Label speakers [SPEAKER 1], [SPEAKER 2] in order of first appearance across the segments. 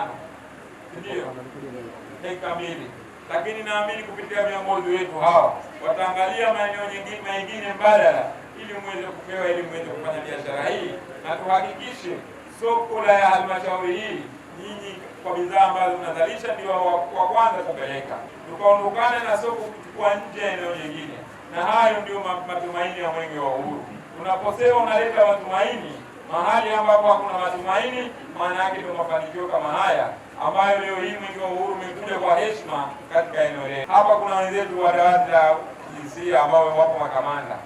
[SPEAKER 1] tano ndio heka mbili, lakini naamini kupitia viongozi wetu hawa wataangalia maeneo mengine mbadala, ili muweze kupewa, ili muweze kufanya biashara hii na tuhakikishe soko la halmashauri hii nyinyi kwa bidhaa ambazo mnazalisha ndio wa kwanza kupeleka, tukaondokana na soko kuchukua nje ya eneo nyingine, na hayo ndio matumaini ya mwenge wa uhuru. Unaposema unaleta matumaini mahali ambapo hakuna matumaini, maana yake ndio mafanikio kama haya ambayo leo hii mwenge wa uhuru umekuja kwa heshima katika eneo letu. Hapa kuna wenzetu wa dawati la jinsia ambao wapo makamanda.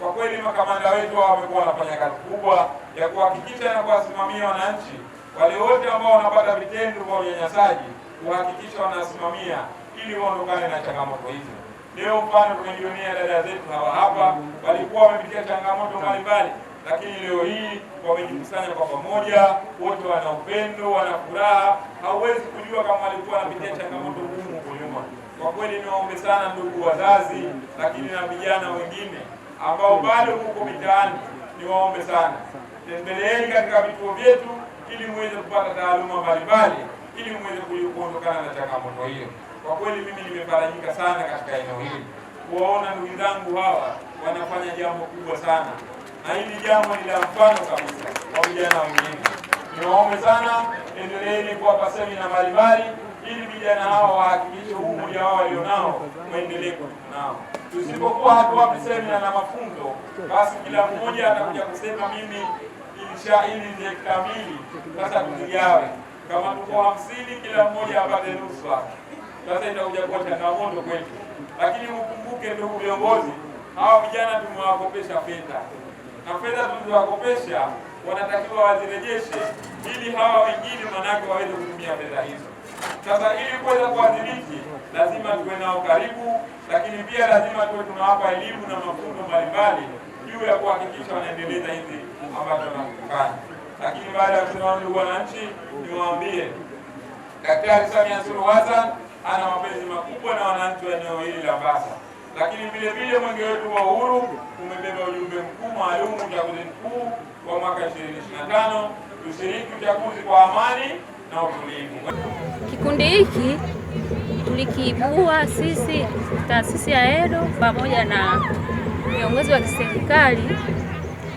[SPEAKER 1] Kwa kweli makamanda wetu hao wamekuwa wanafanya kazi kubwa ya kuhakikisha na kuwasimamia wananchi wale wote ambao wanapata vitendo vya unyanyasaji, kuhakikisha wanasimamia ili waondokane na changamoto hizi. Leo mfano tumejionea dada zetu hawa hapa walikuwa wamepitia changamoto mbalimbali lakini leo hii wamejikusanya kwa pamoja, wote wana upendo, wana furaha. Hauwezi kujua kama walikuwa wanapitia changamoto ngumu huko nyuma. Kwa kweli niwaombe sana ndugu wazazi, lakini na vijana wengine ambao bado huko mitaani, niwaombe sana, tembeleeni katika vituo vyetu ili muweze kupata taaluma mbalimbali, ili muweze kuondokana na changamoto hiyo. Kwa kweli mimi nimefarajika sana katika eneo hili kuwaona ndugu zangu hawa wanafanya jambo kubwa sana na hili jambo ni la mfano kabisa kwa vijana wengine. Niwaombe sana, endeleeni kuwapa semina mbalimbali ili vijana hawa wahakikishe huu umoja wao walionao muendelee kuwa nao. Tusipokuwa hatuwapi semina na mafunzo, basi kila mmoja atakuja kusema mimi ilisha ili kamili. Sasa tuzigawe, kama tuko hamsini, kila mmoja apate nusu yake. Sasa itakuja kuwa changamoto kwetu, lakini mkumbuke, ndugu viongozi, hawa vijana tumewakopesha fedha na fedha tulizowakopesha wanatakiwa wazirejeshe, ili hawa wengine manake waweze kutumia fedha hizo. Sasa ili kuweza kuwadhibiti, lazima tuwe nao karibu, lakini pia lazima tuwe tunawapa elimu na mafunzo mbalimbali juu ya kuhakikisha wanaendeleza hizi ambazo wanakufanya. Lakini baada ya kusema, ndugu wananchi, niwaambie Daktari Samia Suluhu Hassan ana mapenzi makubwa na wananchi wa eneo hili la Mbasa lakini vile vile mwenge wetu wa uhuru umebeba ujumbe mkuu maalum, uchaguzi mkuu wa mwaka 2025, tushiriki uchaguzi kwa amani na utulivu.
[SPEAKER 2] Kikundi hiki tulikiibua sisi taasisi ya EDO pamoja na viongozi wa kiserikali,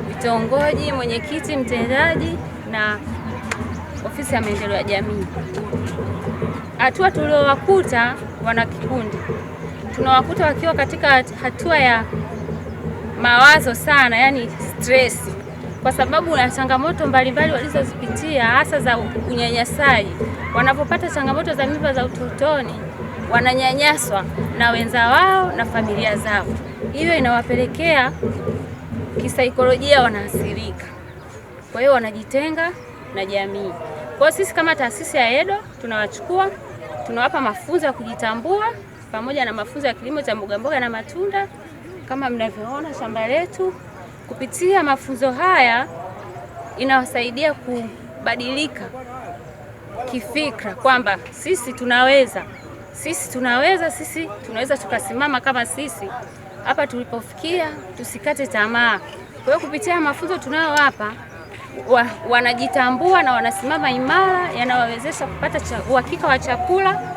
[SPEAKER 2] vitongoji, mwenyekiti mtendaji na ofisi ya maendeleo ya jamii. Hatua tuliowakuta wana kikundi tunawakuta wakiwa katika hatua ya mawazo sana, yani stress, kwa sababu na changamoto mbalimbali walizozipitia hasa za unyanyasaji. Wanapopata changamoto za mimba za utotoni, wananyanyaswa na wenza wao na familia zao, hiyo inawapelekea kisaikolojia wanaathirika, kwa hiyo wanajitenga na jamii. Kwa hiyo sisi kama taasisi ya EDO tunawachukua tunawapa mafunzo ya kujitambua pamoja na mafunzo ya kilimo cha mbogamboga na matunda. Kama mnavyoona shamba letu, kupitia mafunzo haya inawasaidia kubadilika kifikra kwamba sisi tunaweza, sisi tunaweza, sisi tunaweza tukasimama kama sisi hapa tulipofikia, tusikate tamaa. Kwa hiyo kupitia mafunzo tunayowapa wa, wanajitambua na wanasimama imara, yanawawezesha kupata uhakika wa chakula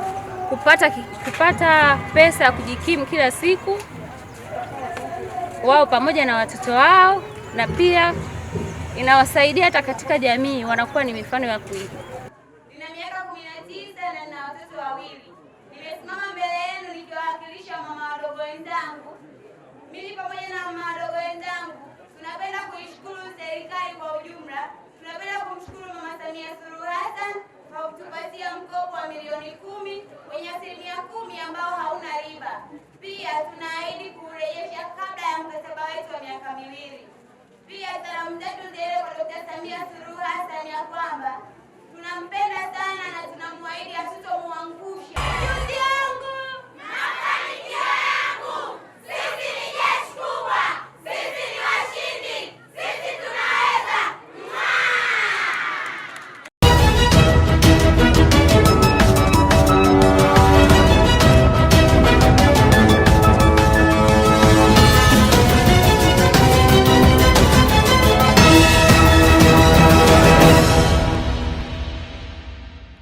[SPEAKER 2] kupata, kupata pesa ya kujikimu kila siku wao pamoja na watoto wao, na pia inawasaidia hata katika jamii, wanakuwa ni mifano ya kuigwa.
[SPEAKER 3] Nina miaka kumi na tisa na nina watoto wawili. Nimesimama mbele yenu nikiwawakilisha mama wadogo wenzangu. Mimi pamoja na mama wadogo wenzangu tunapenda kuishukuru serikali miaka Pia salamu zetu ziende kwa Dkt. Samia Suluhu Hassan ya kwamba tunampenda sana na tunamwaahidi